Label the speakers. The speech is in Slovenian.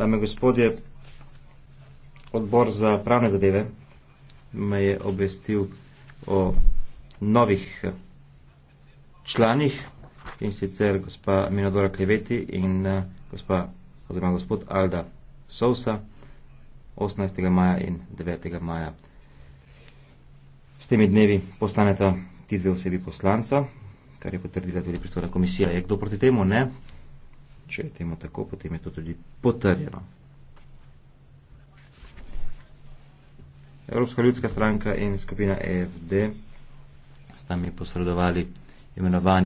Speaker 1: Tam je gospodje odbor za pravne zadeve me je obvestil o novih eh, članih in sicer gospa Minodora Kleveti in eh, gospa oziroma gospod Alda Sousa 18. maja in 9. maja. S temi dnevi postaneta ti dve osebi poslanca, kar je potrdila tudi pristojna komisija. Je kdo proti temu? Ne. Če je temu tako, potem je to tudi potrjeno. Evropska ljudska stranka in skupina EFD sta mi posredovali imenovanje.